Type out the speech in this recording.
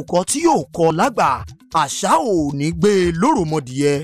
àkùkọ tí yóò kọ lágbà àṣà ò ní gbé e lóròmọdìẹ